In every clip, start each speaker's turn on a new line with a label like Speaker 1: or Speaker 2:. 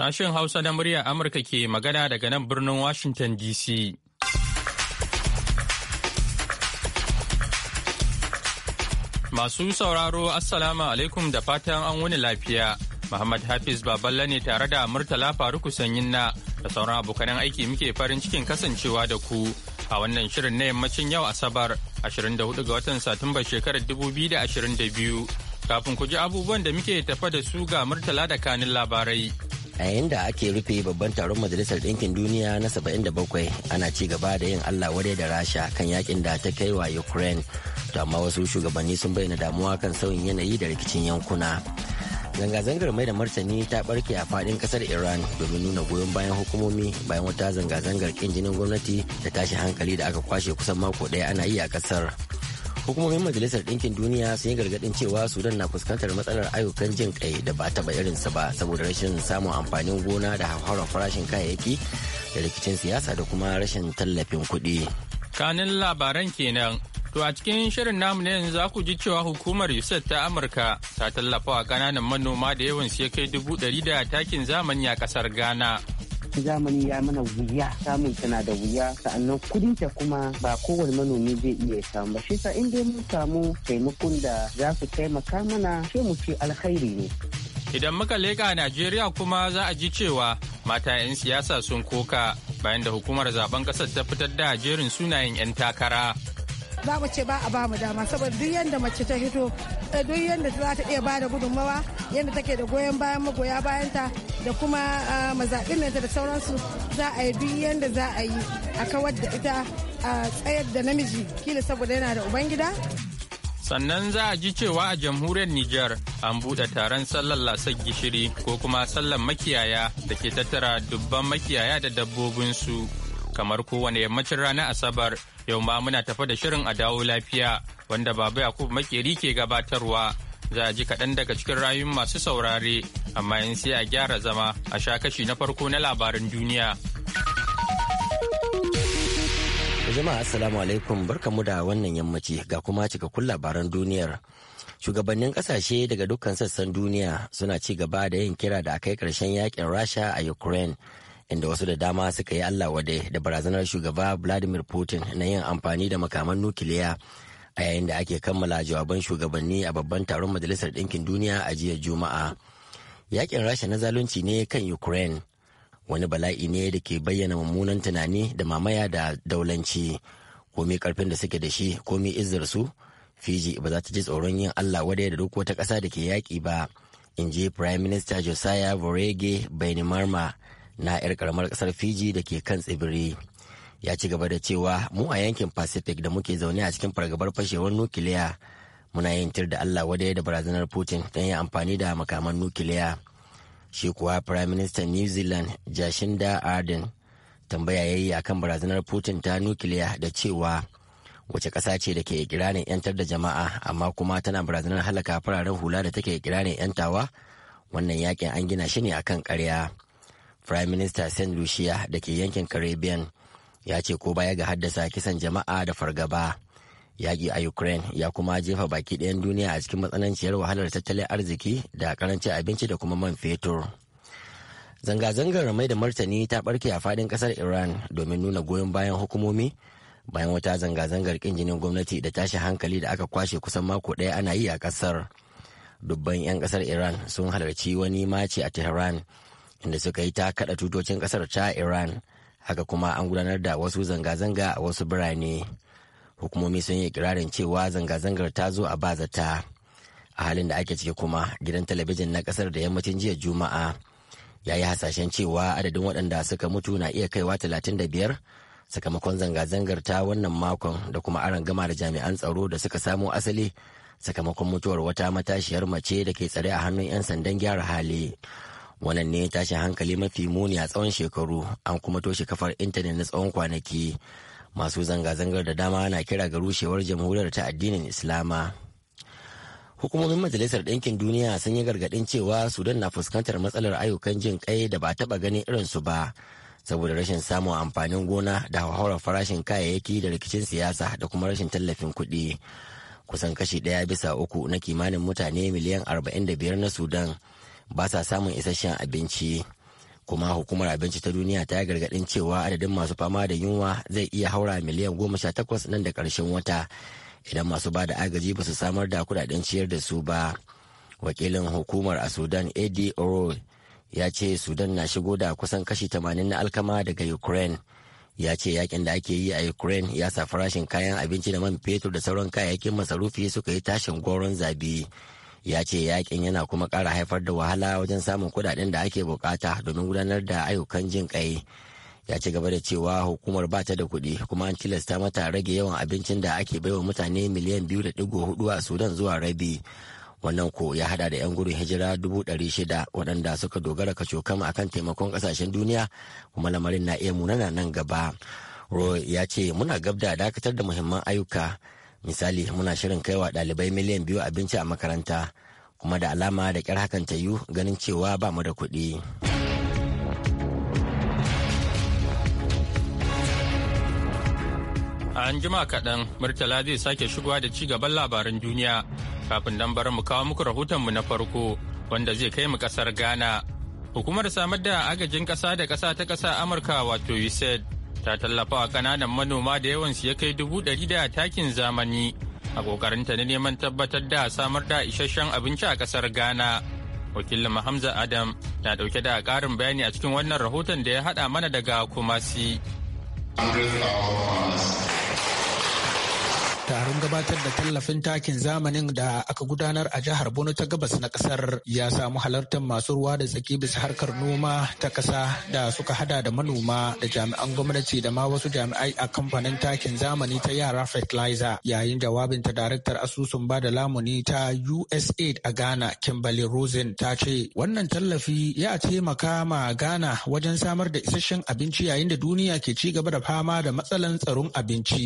Speaker 1: Sashen Hausa na murya Amurka ke magana daga nan birnin Washington DC. Masu sauraro Assalamu alaikum da fatan an wuni lafiya. Muhammad Hafiz Baballa ne tare da Murtala Faruku Sanyin na da sauran abokanan aiki muke farin cikin kasancewa da ku a wannan shirin na yammacin yau Asabar 24 ga watan Satumba shekarar 2022. Kafin ku ji abubuwan da muke tafa da su ga Murtala da kanin labarai.
Speaker 2: a yayin da ake rufe babban taron majalisar ɗinkin duniya na 77 ana ci gaba da yin allah wadai da rasha kan yakin da ta kai wa ukraine to amma wasu shugabanni sun bayyana damuwa kan sauyin yanayi da rikicin yankuna zanga-zangar mai da martani ta barke a fadin kasar iran domin nuna goyon bayan hukumomi bayan wata zanga-zangar kin jinin gwamnati da tashi hankali da aka kwashe kusan mako daya ana yi a kasar hukumomin majalisar ɗinkin duniya sun yi gargaɗin cewa sudan na fuskantar matsalar ayyukan jin kai da ba taɓa irinsa ba saboda rashin samun amfanin gona da hauhawar farashin kayayyaki da rikicin siyasa da kuma rashin tallafin kuɗi.
Speaker 1: kanin labaran kenan to a cikin shirin namu ne yanzu za ku ji cewa hukumar usaid ta amurka ta tallafa wa ƙananan manoma da yawan sai kai dubu ɗari da takin zamani a ƙasar ghana
Speaker 3: zamani ya mana wuya samun tana da wuya sa'annan kudin ta kuma ba kowane manomi zai iya samu ba shi sa in dai mun samu taimakon da za su taimaka mana sai mu ce alkhairi ne
Speaker 1: Idan muka leƙa Najeriya kuma za a ji cewa mata 'yan siyasa sun koka bayan da hukumar zaben ƙasar ta fitar da jerin sunayen 'yan takara.
Speaker 4: za mu ce ba a ba mu dama saboda duk yadda mace ta hito eh, duk yadda za ta iya bada gudummawa gudunmawa yadda take da goyon bayan magoya bayanta da kuma ah, mazaɓin da sauransu za a yi duk yadda za a yi a kawar da ita a tsayar da namiji kila saboda yana da ubangida
Speaker 1: sannan za a ji cewa a jamhuriyar Nijar an buɗe taron sallar lasar gishiri ko kuma sallar makiyaya da ke tattara dubban makiyaya da dabbobinsu. kamar kowane yammacin rana Asabar yau ma muna tafa da shirin a dawo lafiya wanda Baba Yakubu Makeri ke gabatarwa. Za a ji kaɗan daga cikin rayun masu saurare amma in sai a gyara zama a sha kashi na farko na labarin duniya.
Speaker 2: Jama'a Assalamu alaikum barkamu da wannan yammaci ga kuma cikakkun labaran duniyar. shugabannin kasashe daga dukkan sassan duniya suna ci gaba da yin kira da akai karshen yakin rasha a ukraine inda wasu da dama suka yi allah wadai da barazanar shugaba vladimir putin na yin amfani da makaman nukiliya a yayin da ake kammala jawaban shugabanni a babban taron majalisar ɗinkin duniya a jiya juma'a yakin rasha na zalunci ne kan ukraine wani bala'i ne da ke bayyana mummunan tunani da mamaya da daulanci komi karfin da suke da shi komi izzar su fiji ba za ta ji tsoron yin allah wadai da duk wata ƙasa da ke yaƙi ba in ji prime minister josiah vorege marma. na 'yar karamar kasar fiji da ke kan tsibiri ya ci gaba da cewa mu a yankin pacific da muke zaune a cikin fargabar fashewar nukiliya muna yin tir da allah wadai da barazanar putin don yi amfani da makaman nukiliya shi kuwa prime minister new zealand jacinda arden tambaya ya yayi akan barazanar putin ta nukiliya da cewa wace ƙasa ce da ke ikirarin 'yantar da jama'a amma kuma tana barazanar halaka fararen hula da take ikirarin 'yantawa wannan yakin an gina shi ne akan ƙarya Prime Minister St. Lucia da ke yankin Caribbean ya ce ko baya ga haddasa kisan jama'a da fargaba. Yaƙi a Ukraine ya kuma jefa baki ɗayan duniya a cikin matsananciyar wahalar tattalin arziki da karancin abinci da kuma man fetur. Zanga-zangar mai da martani ta ɓarke a faɗin ƙasar Iran domin nuna goyon bayan hukumomi bayan wata zanga-zangar kin jinin gwamnati da tashin hankali da aka kwashe kusan mako ɗaya ana yi a ƙasar. Dubban 'yan ƙasar Iran sun halarci wani maci a Tehran inda suka yi ta kaɗa tutocin ƙasar ta iran haka kuma an gudanar da wasu zanga-zanga a wasu birane hukumomi sun yi kirarin cewa zanga-zangar ta zo a bazata a halin da ake ciki kuma gidan talabijin na ƙasar da yammacin jiya juma'a ya yi hasashen cewa adadin waɗanda suka mutu na iya kaiwa talatin da biyar sakamakon zanga-zangar ta wannan makon da kuma aron gama da jami'an tsaro da suka samo asali sakamakon mutuwar wata matashiyar mace da ke tsare a hannun 'yan sandan gyara hali wannan ne tashin hankali mafi muni a tsawon shekaru an kuma toshe kafar intanet na tsawon kwanaki masu zanga-zangar da dama na kira ga rushewar jamhuriyar ta addinin islama hukumomin majalisar ɗinkin duniya sun yi gargaɗin cewa sudan na fuskantar matsalar ayyukan jin kai da ba taɓa ganin irinsu ba saboda rashin samun amfanin gona da hauhawar farashin kayayyaki da rikicin siyasa da kuma rashin tallafin kuɗi kusan kashi ɗaya bisa uku na kimanin mutane miliyan arba'in da biyar na sudan ba sa samun isasshen abinci kuma hukumar abinci ta duniya ta yi gargaɗin cewa adadin masu fama da yunwa zai iya haura miliyan goma sha takwas nan da ƙarshen wata idan masu ba da agaji ba su samar da kudaden ciyar da su ba wakilin hukumar a sudan ad oro ya ce sudan na shigo da kusan kashi 80 na alkama daga ukraine ya ce yakin da ake yi a ukraine ya sa farashin kayan abinci da man fetur da sauran kayayyakin masarufi suka yi tashin goron zabi ya ce yakin yana kuma ƙara haifar da wahala wajen samun kudaden da ake bukata domin gudanar da ayyukan jin kai ya ci gaba da cewa hukumar ba ta da kuɗi kuma an tilasta mata rage yawan abincin da ake baiwa mutane miliyan biyu da digo hudu a sudan zuwa rabi wannan ko ya hada da 'yan gudun hijira dubu ɗari shida waɗanda suka dogara ka cokama akan taimakon ƙasashen duniya kuma lamarin na iya munana nan gaba roy ya ce muna gabda da dakatar da muhimman ayyuka misali muna shirin kaiwa ɗalibai miliyan biyu abinci a makaranta kuma da alama da ƙyar hakan ta yiwu ganin cewa ba mu da kuɗi.
Speaker 1: A an jima kaɗan Murtala zai sake shigowa da ci gaban labaran duniya kafin dan bar mu kawo muku rahotonmu na farko wanda zai kai mu ƙasar Ghana. Hukumar samar da agajin ƙasa da ƙasa ta ƙasa Amurka wato USAID ta tallafa wa kananan manoma da yawan su ya kai dubu ɗari da takin zamani a ƙoƙarinta na neman tabbatar da samar da isasshen abinci a ƙasar ghana wakilin hamza adam ta ɗauke da ƙarin bayani a cikin wannan rahoton da ya haɗa mana daga kumasi.
Speaker 5: taron gabatar da tallafin takin zamanin da aka gudanar a jihar Borno ta gabas na kasar ya samu halartar masu ruwa da tsaki bisa harkar noma ta kasa da suka hada da manoma da jami'an gwamnati da ma wasu jami'ai a kamfanin takin zamani ta yara fertilizer yayin jawabin ta daraktar asusun ba da lamuni ta USAID a Ghana Kimberly Rosen ta ce wannan tallafi ya taimaka ma Ghana wajen samar da isasshen abinci yayin da duniya ke ci gaba da fama da matsalan tsaron abinci.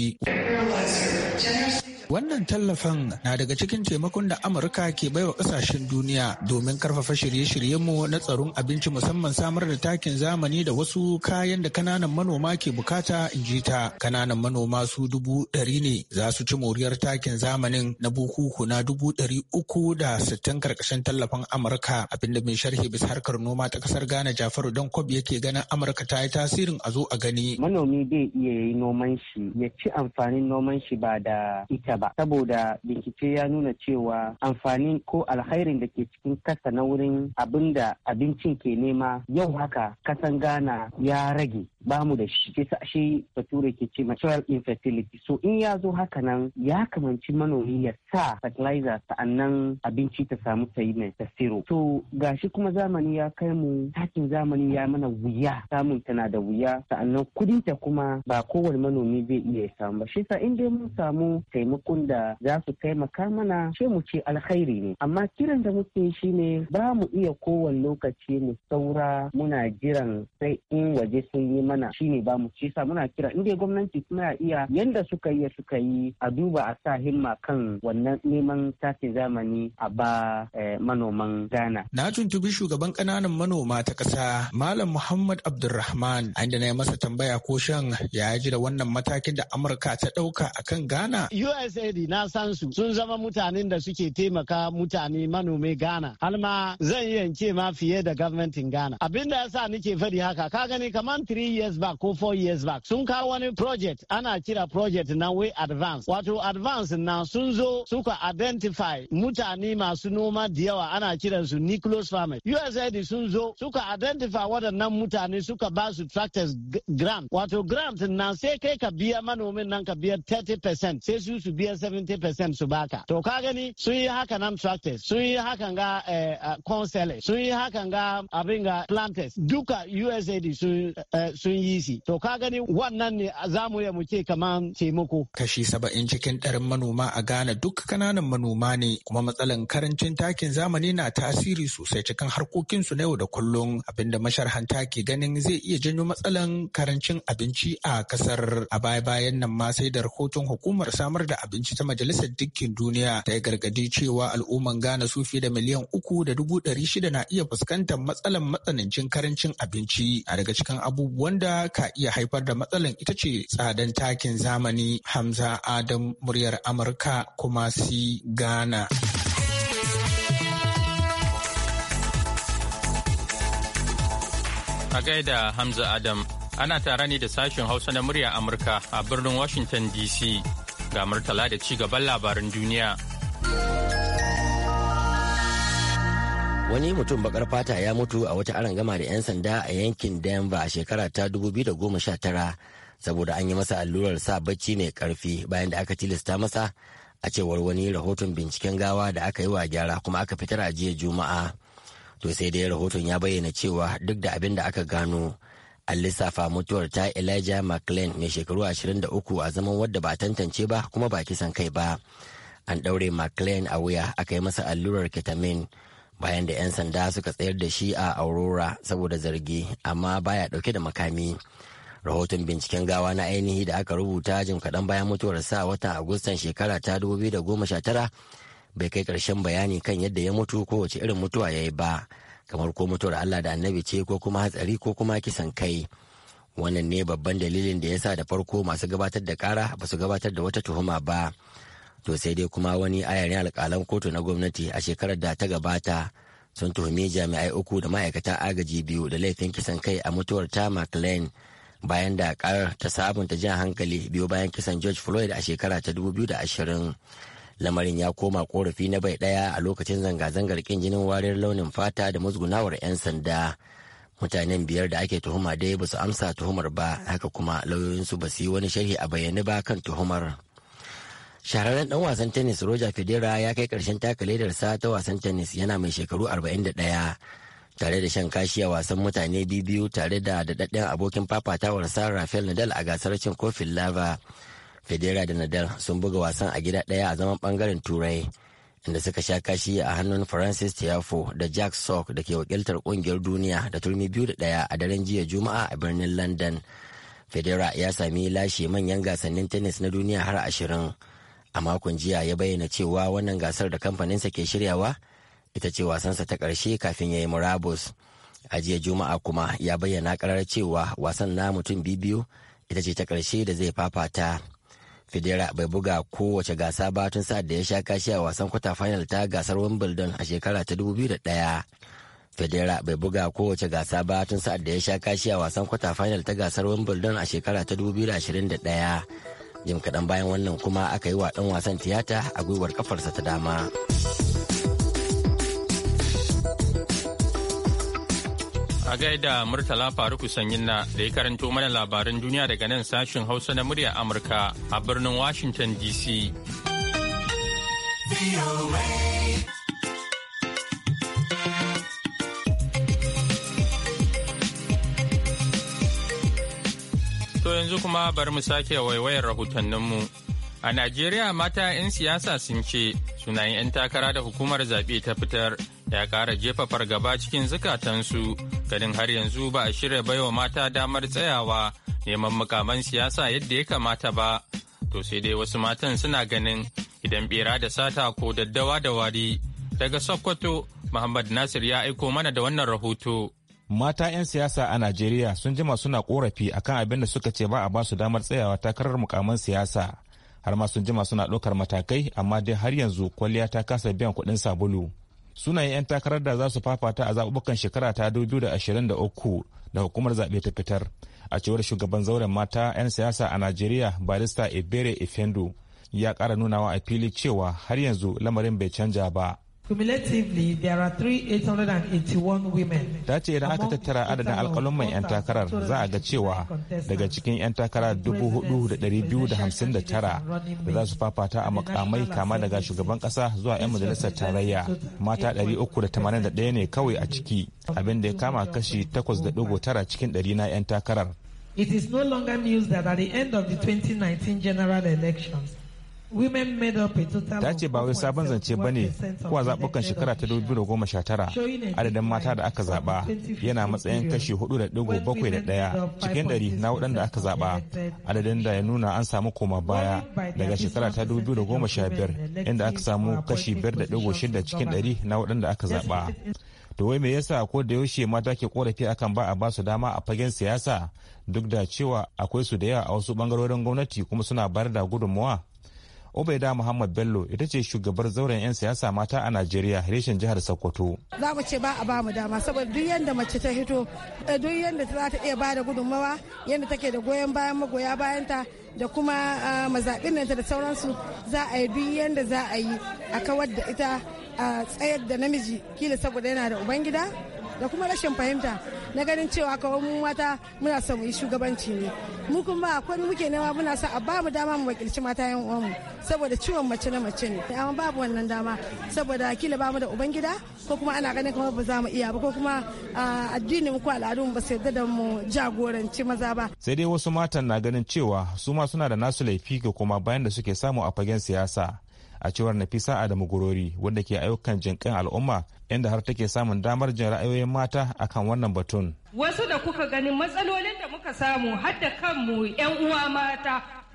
Speaker 5: generously Wannan tallafin na daga cikin taimakon da Amurka ke baiwa kasashen duniya domin karfafa shirye-shiryenmu na tsaron abinci musamman samar da takin zamani da wasu kayan da kananan manoma ke bukata in ji ta. Kananan manoma su dubu ɗari ne za su ci moriyar takin zamanin na bukuku na dubu ɗari uku da sittin karkashin tallafin Amurka abinda mai sharhi bisa harkar noma ta kasar Ghana Jafaru Dankob yake ganin Amurka ta yi tasirin a zo a gani.
Speaker 3: Manomi bai iya yi noman shi ya ci amfanin noman shi ba da ita ta ba saboda bincike ya nuna cewa amfani ko alkhairin da ke cikin kasa na wurin abin da abincin ke nema yau haka kasan gana ya rage ba mu da shi kisa shi bature ke ce material infertility so in ya zo haka nan ya kamanci manomi ya sa fertilizer sa'annan abinci ta samu ta yi mai tasiro to gashi kuma zamani ya kai mu takin zamani ya mana wuya samun tana da wuya sa'annan kudin ta kuma ba kowane manomi zai iya samu ba shi sa in dai mun samu taimako ɗaiɗaikun da za su taimaka mana sai mu ce alkhairi ne amma kiran da muke shi ne ba mu iya kowane lokaci mu saura muna jiran sai in waje sun yi mana Shi ne ba mu ci sa muna kira inda gwamnati suna iya yanda suka yi suka yi a duba a sa himma kan wannan neman sake zamani a ba eh, manoman Ghana.
Speaker 5: Na tuntubi shugaban ƙananan manoma ta ƙasa Malam Muhammad Abdulrahman inda na yi masa tambaya ko shan ya ji da wannan matakin da Amurka ta ɗauka a kan Ghana.
Speaker 3: US Asedi na san su sun zama mutanen da suke taimaka mutane manomi Ghana har ma zan yanke ma fiye da gwamnatin Ghana. Abin da yasa nake faɗi haka ka gani kamar 3 years back ko 4 years back sun kawo wani project ana kira project na way advance wato advance na sun zo suka identify mutane masu noma da yawa ana kiransu nicholas farmer USAID sun zo suka identify waɗannan mutane suka ba su tractors grant wato grant na sai kai ka biya manomin nan ka biya 30% sai su su biya seventy 70% su baka to ka gani sun yi hakan nan tractors sun yi hakan ga eh, eh, consulate sun yi hakan ga abin ga planters duka usaid eh, sun yi si to ka gani wannan ne za mu mu ce kamar taimako
Speaker 5: kashi saba'in cikin ɗarin manoma a ghana duk kananan manoma ne kuma matsalan karancin takin zamani na tasiri sosai cikin harkokinsu na yau da kullum abinda masharhanta ke ganin zai iya janyo matsalan karancin abinci a kasar a baya-bayan nan ma sai da rahoton hukumar samar da abinci abinci ta Majalisar Dukkin Duniya ta yi gargadi cewa al'umman Ghana su fiye da miliyan uku da dubu ɗari shida na iya fuskantar matsalar matsanancin karancin abinci. A daga cikin abubuwan da ka iya haifar da matsalar ita ce tsadan takin zamani Hamza Adam muryar Amurka kuma si Ghana.
Speaker 1: A gaida Hamza Adam ana tare ne da sashen Hausa na murya Amurka a birnin Washington DC. ga Murtala da ci gaban labaran duniya.
Speaker 2: Wani mutum bakar fata ya mutu a wata gama da 'yan sanda a yankin Denver a shekara ta 2019 saboda an yi masa allurar sa bacci mai karfi bayan da aka tilasta masa a cewar wani rahoton binciken gawa da aka yi wa gyara kuma aka fitar a jiya juma'a. To sai dai rahoton ya bayyana cewa duk da abin da aka gano an lissafa mutuwar ta elijah mclean mai shekaru 23 a zaman wadda ba tantance ba kuma ba kisan kai ba an ɗaure mclean a wuya aka yi masa allurar ketamine bayan da 'yan sanda suka tsayar da shi a aurora saboda zargi amma baya ɗauke da makami rahoton binciken gawa na ainihi da aka rubuta jim kaɗan bayan mutuwar sa watan agustan shekara ta da goma sha tara bai kai ƙarshen bayani kan yadda ya mutu kowace irin mutuwa ya yi ba kamar ko mutuwar Allah da annabi ce ko kuma hatsari ko kuma kisan kai wannan ne babban dalilin da ya sa da farko masu gabatar da kara ba su gabatar da wata tuhuma ba to sai dai kuma wani ayarin alƙalan kotu na gwamnati a shekarar da ta gabata sun tuhumi jami'ai uku da ma'aikatan agaji biyu da laifin kisan kai a mutuwar ta McLean bayan da karar ta sabunta jan hankali biyu bayan kisan George Floyd a shekara ta 2020 lamarin ya koma korafi na bai daya a lokacin zanga-zangar kin jinin wariyar launin fata da musgunawar 'yan sanda mutanen biyar da ake tuhuma dai ba su amsa tuhumar ba haka kuma lauyoyinsu ba su yi wani sharhi a bayyane ba kan tuhumar shahararren dan wasan tennis roger federer ya kai karshen taka sa ta wasan tennis yana mai shekaru 41 tare da shan kashi a wasan mutane biyu tare da daɗaɗɗen abokin fafatawar sa rafael nadal a gasar cin kofin lava federa da nadal sun buga wasan a gida ɗaya a zaman bangaren turai inda suka sha kashi a hannun francis tiafo da jack sock da ke wakiltar kungiyar duniya da turmi biyu da ɗaya a daren jiya juma'a a birnin london federa ya sami lashe manyan gasannin tennis na duniya har ashirin a makon jiya ya bayyana cewa wannan gasar da kamfaninsa ke shiryawa ita ce wasansa ta karshe kafin ya yi murabus a jiya juma'a kuma ya bayyana karar cewa wasan na mutum biyu ita ce ta ƙarshe da zai fafata Federa bai buga kowace gasa ba tun sa'ad da ya sha kashi a wasan kwata final ta gasar Wimbledon a shekara ta 2001. Federa bai buga kowace gasa ba tun sa'ad da ya sha kashi a wasan kwata final ta gasar Wimbledon a shekara ta 2021. Jim kaɗan bayan wannan kuma aka yi wa ɗan wasan tiyata a gwiwar kafarsa ta dama.
Speaker 1: A gaida Murtala Faruku Sanyin na da ya karanto mana labaran duniya daga nan sashin Hausa na murya Amurka a birnin Washington DC. To yanzu kuma bari mu sake waiwayar rahotanninmu. A Najeriya mata 'yan siyasa sun ce sunayen 'yan takara da hukumar zaɓe ta fitar ya kara jefa fargaba cikin zukatansu ganin har yanzu ba a shirya baiwa mata damar tsayawa neman mukaman siyasa yadda ya kamata ba to sai dai wasu matan suna ganin idan bera da sata ko daddawa da wari daga sokoto muhammad nasir ya aiko mana da wannan rahoto
Speaker 6: mata 'yan siyasa a najeriya sun jima suna korafi akan abin da suka ce ba a basu damar tsayawa takarar mukaman siyasa har ma sun jima suna ɗaukar matakai amma dai har yanzu kwalliya ta kasa biyan kuɗin sabulu sunayen 'yan takarar da za su fafata a zaɓuɓɓukan shekara ta 2023 da hukumar zaɓe ta fitar a cewar shugaban zauren mata 'yan siyasa a najeriya barista ebere efendu ya ƙara nunawa a fili cewa har yanzu lamarin bai canja ba
Speaker 5: Cumulatively, there are 381 women.
Speaker 6: Ta ce idan aka tattara adadin alkalin mai 'yan takarar za a ga cewa daga cikin 'yan takara 4,259 da za su fafata a makamai kama daga shugaban kasa zuwa 'yan majalisar tarayya mata 381 ne kawai a ciki abin da ya kama kashi 8.9 cikin 100 na 'yan takarar.
Speaker 5: It is no longer news that at the end of the 2019 general elections,
Speaker 6: ta ce ba wai sabon zance ba ne kuwa zaɓukan shekara ta 2019 adadin mata da aka zaɓa yana matsayin kashi 4.71 cikin ɗari na waɗanda aka zaɓa adadin da ya nuna an samu koma baya daga shekara ta 2015 inda aka samu kashi 5.6 cikin ɗari na waɗanda aka zaɓa to wai me yasa ko da yaushe mata ke korafi akan ba a ba su dama a fagen siyasa duk da cewa akwai su da yawa a wasu bangarorin gwamnati kuma suna bayar da gudunmawa Obaida Muhammad Bello ita ce shugabar zauren 'yan siyasa mata a Najeriya reshen jihar Sokoto.
Speaker 4: Za mu ce ba a ba mu dama saboda duk yadda mace ta hito eh, duk yadda za ta iya bada gudunmawa yadda take da goyon bayan magoya bayanta da kuma ah, mazaɓin da sauransu za a yi duk yadda za a yi a kawar da ita a tsayar da namiji kila saboda yana da ubangida da kuma rashin fahimta na ganin cewa kawai mu mata muna son mu yi shugabanci ne mu kuma akwai muke nema muna son a ba mu dama mu wakilci mata yan uwanmu saboda ciwon mace na mace ne amma babu wannan dama saboda kila ba mu da ubangida ko kuma ana ganin kamar ba za mu iya ba ko kuma addini mu ko al'adun ba su yarda da mu jagoranci maza ba
Speaker 6: sai dai wasu matan na ganin cewa su ma suna da nasu laifi ga kuma bayan da suke samu a fagen siyasa a cewar nafisa adamu gurori wadda ke ayyukan jinkan al'umma inda har take samun damar jin ra'ayoyin mata akan wannan batun
Speaker 4: wasu da kuka ganin matsalolin da muka samu har da kanmu yan uwa mata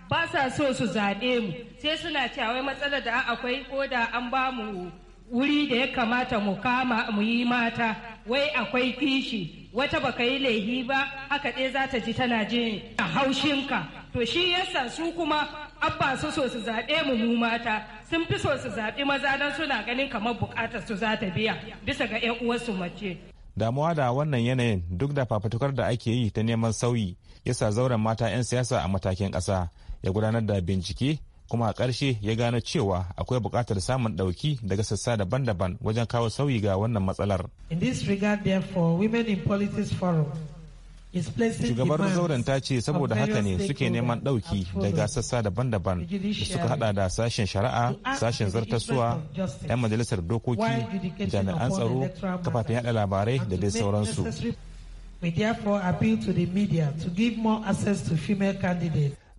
Speaker 4: ba sa so su zaɓe mu sai suna cewa wai matsalar da akwai ko da an ba mu wuri da ya kamata mu kama mu yi mata wai akwai kishi wata baka yi laihi ba haka ɗaya za ta ji tana jin haushinka to shi yasa su kuma abba su so su zaɓe mu mu mata sun fi so su zaɓi maza don suna ganin kamar bukatar su za ta biya bisa ga 'yan uwarsu mace.
Speaker 6: Damuwa da wannan yanayin duk da fafutukar da ake yi ta neman sauyi yasa zauren mata 'yan siyasa a matakin ƙasa ya gudanar da bincike kuma a ƙarshe ya gano cewa akwai buƙatar samun ɗauki daga sassa daban-daban wajen kawo sauyi ga wannan matsalar.
Speaker 5: In this regard therefore Women in Politics Forum shugabar zauren ta ce saboda haka ne suke neman
Speaker 6: ɗauki daga sassa daban-daban da suka hada da sashen shari'a sashen zartaswa 'yan majalisar dokoki jami'an tsaro kafafen yada labarai da dai sauransu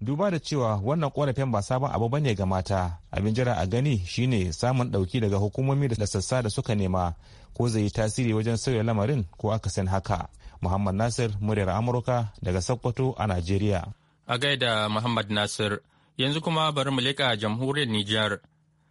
Speaker 6: duba da cewa wannan korafin ba sabon abu bane ga mata abin jira a gani shine samun ɗauki daga hukumomi da sassa da suka nema ko zai yi tasiri wajen sauya lamarin ko aka san haka Muhammad Nasir muryar Amurka daga Sokoto a Najeriya.
Speaker 1: A gaida Muhammad Nasir, yanzu kuma bari mu leƙa jamhuriyar Nijar.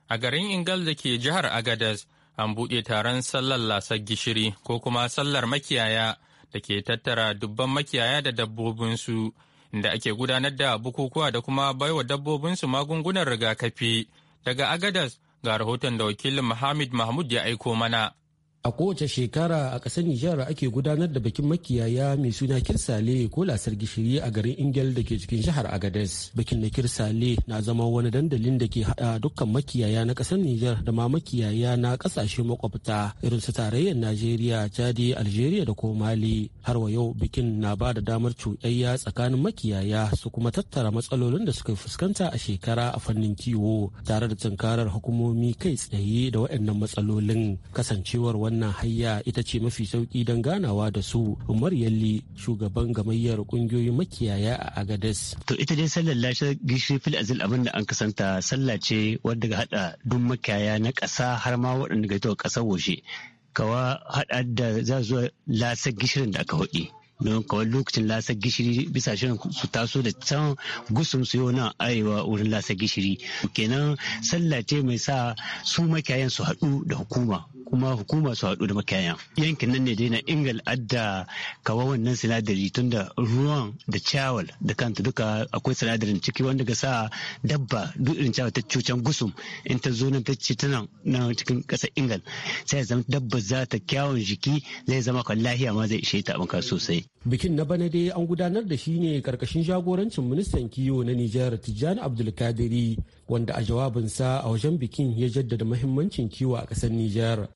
Speaker 1: A garin Ingal da ke jihar Agadez, an buɗe taron sallar lasar gishiri ko kuma sallar makiyaya da ke tattara dubban makiyaya da dabbobinsu, inda ake gudanar da bukukuwa da kuma baiwa dabbobinsu magungunan rigakafi. Daga Agadez ga rahoton da wakilin Muhammad Mahmud ya aiko mana.
Speaker 7: A kowace shekara a ƙasar Nijar ake gudanar da bikin makiyaya mai suna Kirsale ko lasar gishiri a garin Ingel da ke cikin jihar Agades. Bikin na Kirsale na zama wani dandalin da ke haɗa dukkan makiyaya na ƙasar Nijar da ma makiyaya na ƙasashe makwabta irin su tarayyar Najeriya, Chadi, Algeria da ko Mali. Har wa yau bikin na ba da damar cuɗayya tsakanin makiyaya su kuma tattara matsalolin da suka fuskanta a shekara a fannin kiwo tare da tunkarar hukumomi kai tsaye da waɗannan matsalolin kasancewar wannan hayya ita ce mafi sauki don ganawa da su umar yalli shugaban gamayyar kungiyoyin makiyaya a
Speaker 3: agadas to ita dai sallar lashe gishiri fil azil abin da an kasanta sallah ce wadda ga hada duk makiyaya na kasa har ma waɗanda ga ita ƙasar waje kawa hada da za zuwa lasa gishirin da aka hudi don kawai lokacin lasa gishiri bisa shirin su taso da can gusun su yau nan arewa wurin lasa gishiri kenan sallah ce mai sa su makiyayan su haɗu da hukuma kuma hukuma su haɗu da makiyaya yankin nan ne dai na ingal adda kawo wannan sinadari tun da ruwan da ciyawal da kanta duka akwai sinadarin ciki wanda ga sa dabba duk irin ciyawa ta cucan gusum in ta zo nan ta ci tana na cikin ƙasar ingal
Speaker 2: sai zama dabba za ta kyawun jiki zai zama kan lahiya ma zai ishe ta abinka sosai.
Speaker 7: bikin na bana dai an gudanar da shi ne karkashin jagorancin ministan kiwo na nijar tijjani abdulkadiri wanda a jawabinsa a wajen bikin ya jaddada mahimmancin kiwo a ƙasar Nijar.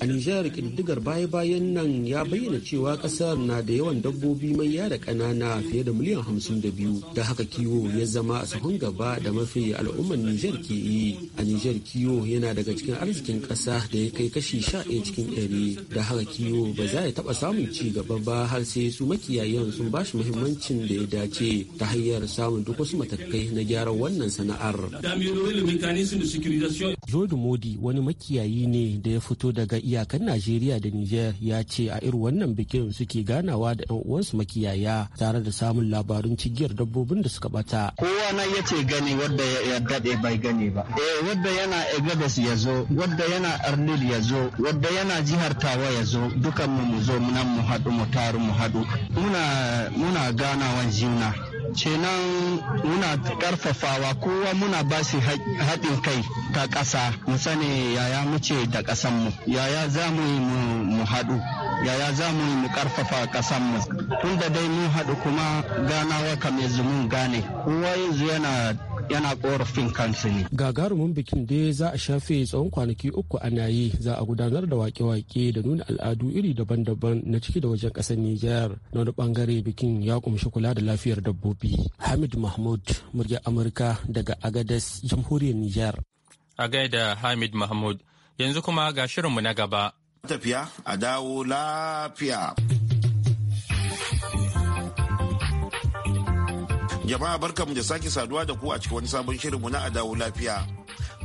Speaker 7: A Nijar ƙididdigar baya-bayan nan ya bayyana cewa ƙasar na da yawan dabbobi mayya da ƙanana fiye da miliyan hamsin da biyu. Da haka kiwo ya zama a sahun gaba da mafi al'ummar Nijar ke yi. A Nijar kiwo yana daga cikin arzikin ƙasa da ya kai kashi sha ɗaya cikin ɗari. Da haka kiwo ba za ya taɓa samun ci gaba ba har sai su makiyayan sun bashi mahimmancin da ya dace ta hanyar samun duk wasu matakai na gyaran wannan sana'ar. Jordan Modi wani makiyayi ne da ya fito daga iyakan Najeriya da Nijar ya ce a irin wannan bikin suke ganawa da ɗan uwansu makiyaya tare da samun labarun cigiyar dabbobin da suka bata. Kowa na ya ce gani wadda ya daɗe bai gani ba. Eh wadda yana Egadas ya zo, wadda yana Arnil ya zo, wadda yana jihar Tawa ya zo, dukan mu mu zo nan mu haɗu mu taru mu haɗu. Muna muna ganawan juna. kenan muna karfafawa kowa muna ba su haɗin kai ta ƙasa mu sani yaya muce da ƙasanmu yaya za mu yi mu haɗu yaya za mu yi mu ƙarfafa ƙasanmu tun da dai mun haɗu kuma ganawa kame zumun gane kowa yanzu yana yana korafin kansu ne. Gagarumin bikin dai za a shafe tsawon kwanaki uku ana yi za a gudanar da wake-wake da nuna al'adu iri daban-daban na ciki da wajen ƙasar Nijar. Na wani bangare bikin ya kumshi kula da lafiyar dabbobi. Hamid Mahmud, murya Amurka daga Agadez, Jamhuriyar Nijar.
Speaker 1: A gaida Hamid Mahmud, yanzu kuma ga shirinmu na gaba.
Speaker 8: Tafiya a dawo lafiya. Jama'a barkamu da sake saduwa da ku a cikin wani sabon shirinmu na adawo lafiya.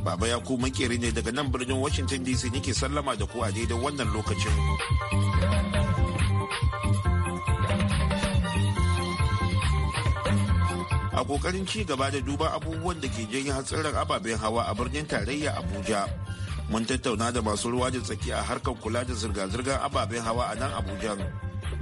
Speaker 8: Baba ya ku makeri ne daga nan birnin Washington DC nake sallama da ku a daidai wannan lokacin. A kokarin ci gaba da duba abubuwan da ke janyo hatsarin ababen hawa a birnin tarayya Abuja. Mun tattauna da masu ruwa da tsaki a harkar kula da zirga-zirgar ababen hawa a nan Abuja.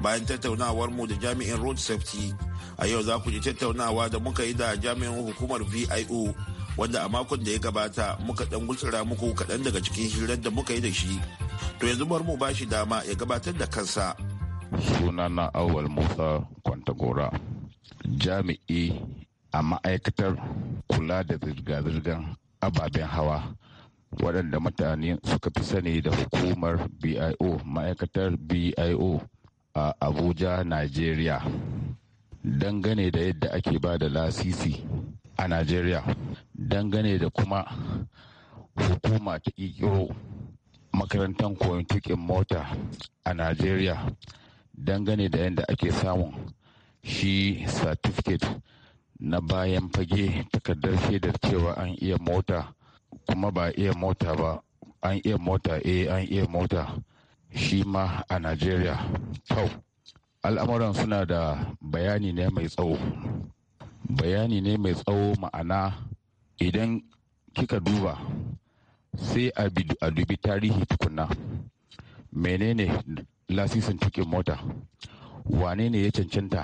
Speaker 8: Bayan tattaunawar mu da jami'in Road Safety a yau za ku ji tattaunawa da muka yi da jami'in hukumar vio wanda a makon da ya gabata muka dan gutsura muku kaɗan daga cikin hirar da muka yi da shi to yanzu bar mu bashi
Speaker 9: dama ya gabatar da kansa suna na awal musa kwantagora jami'i a ma'aikatar kula da zirga-zirgar ababen hawa waɗanda mutane suka fi sani da hukumar bio ma'aikatar bio a abuja nigeria dangane da yadda ake ba da lasisi a najeriya dangane da kuma hukuma ta ƙiƙiro makarantar koyon tukin mota a najeriya dangane da yadda ake samun shi certificate na bayan fage takardar shaidar cewa an iya mota kuma ba iya mota ba an iya mota eh an iya mota shi ma a najeriya al'amuran suna da bayani ne mai tsawo bayani ne mai tsawo ma'ana idan kika duba sai a dubi tarihi tukunna menene lasisin tukin mota wane ne ya cancanta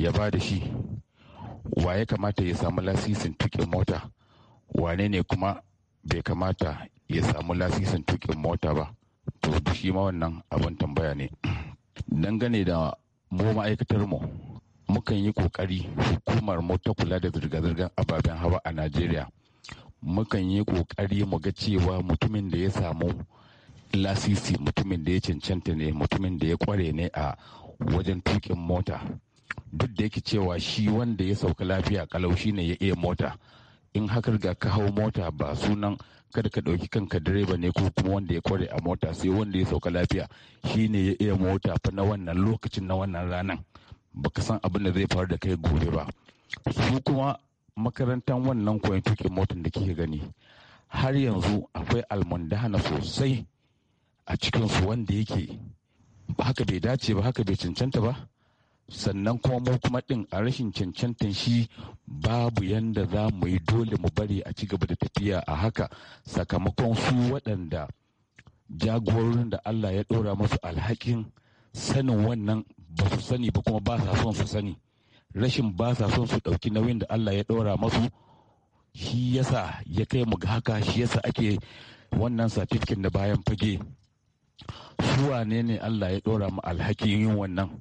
Speaker 9: ya ba da shi wa ya kamata ya samu lasisin tukin mota wane ne kuma bai kamata ya samu lasisin tukin mota ba to shi ma wannan abin tambaya ne dangane da mu ma'aikatar mu mukan yi kokari hukumar mu ta kula da zirga-zirgar ababen hawa a najeriya mukan yi kokari mu ga cewa mutumin da ya samu lasisi mutumin da ya cancanta ne mutumin da ya kware ne a wajen tukin mota duk da yake cewa shi wanda ya sauka lafiya kalau shi ne ya iya mota in haka ga ka hau mota ba sunan kada ka ɗauki kanka direba ne ko kuma wanda ya kware a mota sai wanda ya sauka lafiya shine ya iya mota fa na wannan lokacin na wannan ranan baka san abin da zai faru da kai gobe ba su kuma makarantar wannan koyon tukin motar da kike gani har yanzu akwai almundana sosai a cikinsu wanda yake ba haka bai dace ba haka bai cancanta ba sannan kuma mu kuma din a rashin cancantan shi babu yanda za mu yi dole mu bari a ci gaba da tafiya a haka sakamakon su waɗanda jagororin da Allah ya ɗora musu alhakin sanin wannan ba su sani ba kuma ba sa son su sani rashin ba sa son su ɗauki nauyin da Allah ya ɗora musu shi yasa ya kai mu ga haka shi yasa ake wannan satifikin da bayan fage su Wanene ne Allah ya ɗora mu alhakin yin wannan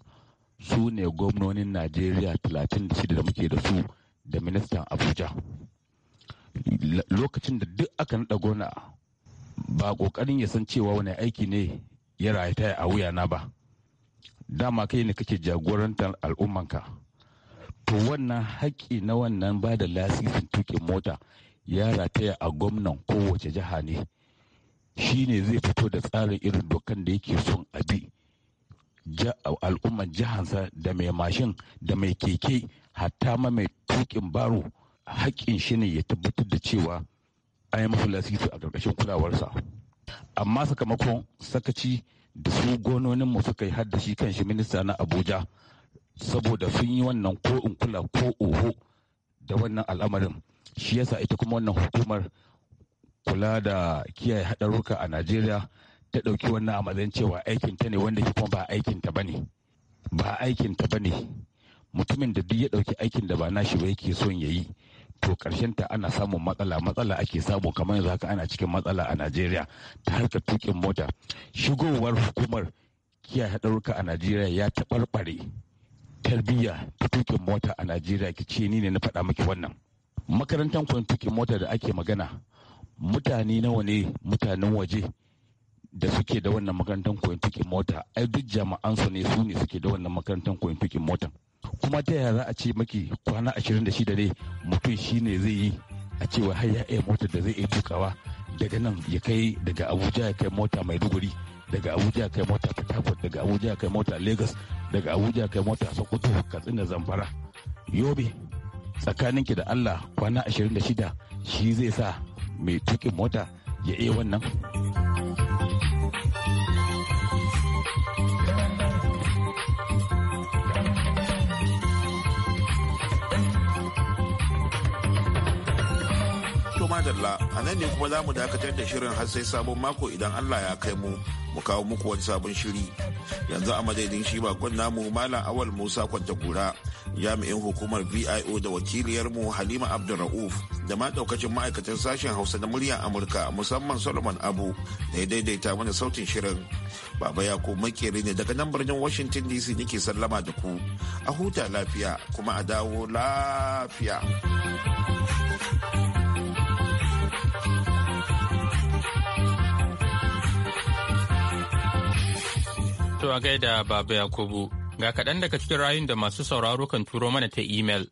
Speaker 9: su ne gwamnonin najeriya 36 da muke da su da ministan abuja lokacin da duk aka naɗa gona ba ƙoƙarin ya san cewa wani aiki ne ya rayata a wuyana ba dama kai ne kake jagorantar al'ummanka to wannan haƙƙi na wannan ba da lasisin tuƙin mota ya rataya a gwamnan kowace jiha ne shi ne zai fito da tsarin irin dokan da yake son abi al'ummar jihansa da mai mashin da mai keke hatta ma mai tukin baro haƙƙin shi ne ya tabbatar da cewa an yi masu lasisi a ƙarƙashin kulawarsa amma sakamakon sakaci da su mu suka yi haddashi kan shi minista na abuja saboda sun yi wannan ko in kula ko oho da wannan al'amarin shi yasa ita kuma wannan hukumar kula da kiyaye haɗarurka a najeriya ta ɗauki wannan a matsayin cewa aikin ta ne wanda kuma ba aikin ta bane ba aikin ta bane mutumin da duk ya ɗauki aikin da ba nashi ba yake son ya yi to karshen ta ana samun matsala matsala ake samu kamar yanzu haka ana cikin matsala a Najeriya ta harkar tukin mota shigowar hukumar kiyaye ɗauka a Najeriya ya taɓarɓare tarbiyya ta tukin mota a Najeriya ki ce ni ne na faɗa miki wannan makarantar kwan tukin mota da ake magana mutane nawa ne mutanen waje da suke da wannan makarantar koyon tukin mota ai duk jama'an su ne su ne suke da wannan makarantar koyon tukin mota kuma ta yaya za a ce maki kwana 26 ne mutum shi ne zai yi a cewa har ya iya motar da zai iya tukawa daga nan ya kai daga abuja ya kai mota maiduguri daga abuja ya kai mota port harcourt daga abuja ya kai mota lagos daga abuja ya kai mota sokoto katsina zamfara yobe tsakaninki da allah kwana 26 shi zai sa mai tukin mota ya iya wannan
Speaker 8: madalla a nan ne kuma za mu dakatar da shirin har sai sabon mako idan Allah ya kai mu mu kawo muku wani sabon shiri yanzu a madadin shi bakon namu malam awal musa kwantagura jami'in hukumar vio da wakiliyarmu halima abdulra'uf da ma daukacin ma'aikatan sashen hausa na muryar amurka musamman solomon abu da ya daidaita mana sautin shirin baba yako makere ne daga nan birnin washington dc nake sallama da ku a huta lafiya kuma a dawo lafiya thank you
Speaker 1: To a gaida Baba Yakubu, ga kaɗan daga cikin rayun da masu sauraro kan turo mana ta imel.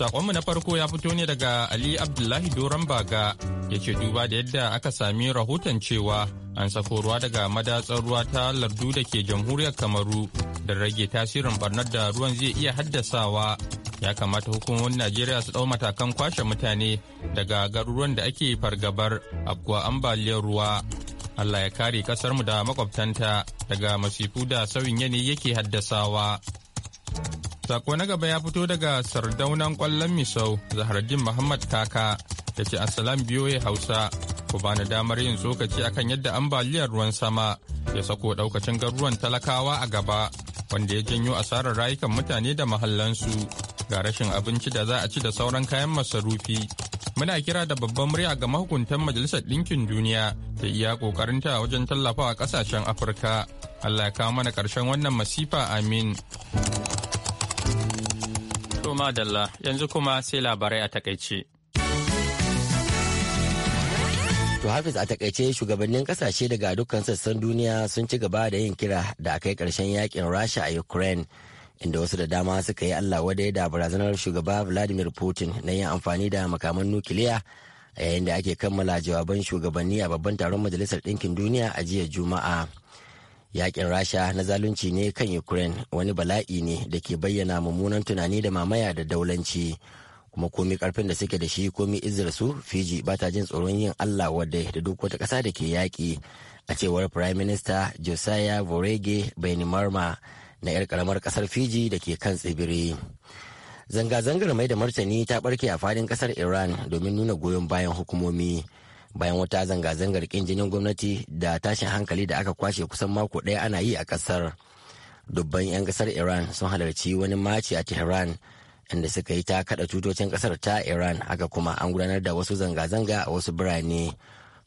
Speaker 1: saƙonmu na farko ya fito ne daga Ali Abdullahi Doron Baga ya ce duba da yadda aka sami rahoton cewa an sako ruwa daga madatsar ruwa ta lardu da ke jamhuriyar Kamaru da rage tasirin barnar da ruwan zai iya haddasawa ya kamata hukumomin najeriya su dau matakan kwashe mutane daga garuruwan da ake fargabar abguwa ambaliyar ruwa allah ya kare mu da makwabtanta daga masifu da sauyin yanayi yake haddasawa sako na gaba ya fito daga sardaunan kwallon misau zahardin muhammad kaka da ce assalam biyoye hausa ku bani damar yin tsokaci akan yadda ambaliyar ruwan sama ya sako daukacin garuruwan talakawa a gaba wanda ya janyo asarar rayukan mutane da mahallansu ga rashin abinci da za a ci da sauran kayan masarufi. Muna kira da babban murya ga mahukuntan Majalisar Ɗinkin Duniya da iya ƙoƙarinta wajen tallafawa kasashen Afirka. Allah ya kawo mana ƙarshen wannan masifa amin. To Dalla yanzu kuma sai labarai a takaice.
Speaker 2: To Hafiz a takaice shugabannin kasashe daga dukkan sassan duniya sun ci gaba da yin kira da akai ƙarshen yakin Rasha a Ukraine. inda wasu da dama suka yi Allah wadai da barazanar shugaba Vladimir Putin na yin amfani da makaman nukiliya a yayin da ake kammala jawaban shugabanni a babban taron Majalisar Ɗinkin Duniya a jiya Juma'a. Yaƙin Rasha na zalunci ne kan Ukraine wani bala'i ne da ke bayyana mummunan tunani da mamaya da daulanci. kuma komi karfin da suke da shi komi izar su fiji ba ta jin tsoron yin allah wadda da duk wata ƙasa da ke yaƙi a cewar prime minister josiah vorege benimarma na 'yar karamar kasar fiji da ke kan tsibiri zanga-zangar mai da martani ta barke a fadin kasar iran domin nuna goyon bayan hukumomi bayan wata zanga-zangar kin jinin gwamnati da tashin hankali da aka kwashe kusan mako ɗaya ana yi a kasar dubban 'yan kasar iran sun halarci wani maci a tehran inda suka yi ta kada tutocin kasar ta iran haka kuma an gudanar da wasu zanga-zanga a wasu birane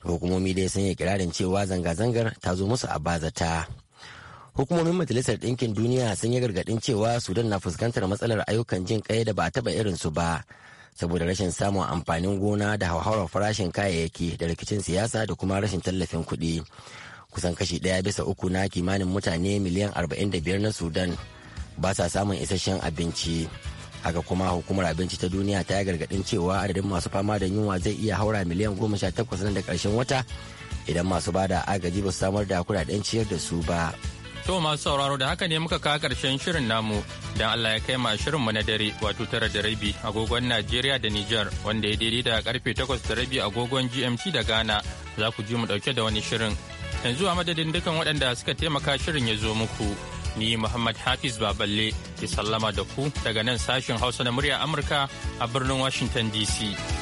Speaker 2: hukumomi dai sun yi kirarin cewa zanga-zangar ta zo musu a bazata. hukumomin majalisar ɗinkin duniya sun yi gargaɗin cewa sudan na fuskantar matsalar ayyukan jin kai da ba a taɓa irinsu ba saboda rashin samun amfanin gona da hauhawar farashin kayayyaki da rikicin siyasa da kuma rashin tallafin kuɗi kusan kashi ɗaya bisa uku na kimanin mutane miliyan arba'in da biyar na sudan ba sa samun isasshen abinci haka kuma hukumar abinci ta duniya ta yi gargaɗin cewa adadin masu fama da yunwa zai iya haura miliyan goma takwas nan da ƙarshen wata idan masu bada agaji ba su samar da kuɗaɗen ciyar da su ba
Speaker 1: To masu sauraro da haka ne muka kawo karshen shirin namu don Allah ya kai ma shirinmu na dare wato tara da rabi agogon Najeriya da Nijar wanda ya daidai da karfe takwas da rabi agogon GMT da Ghana za ku ji mu ɗauke da wani shirin. Yanzu a madadin dukan waɗanda suka taimaka shirin ya zo muku. Ni Muhammad Hafiz Baballe ke sallama da ku daga nan sashen Hausa na murya Amurka a birnin Washington DC.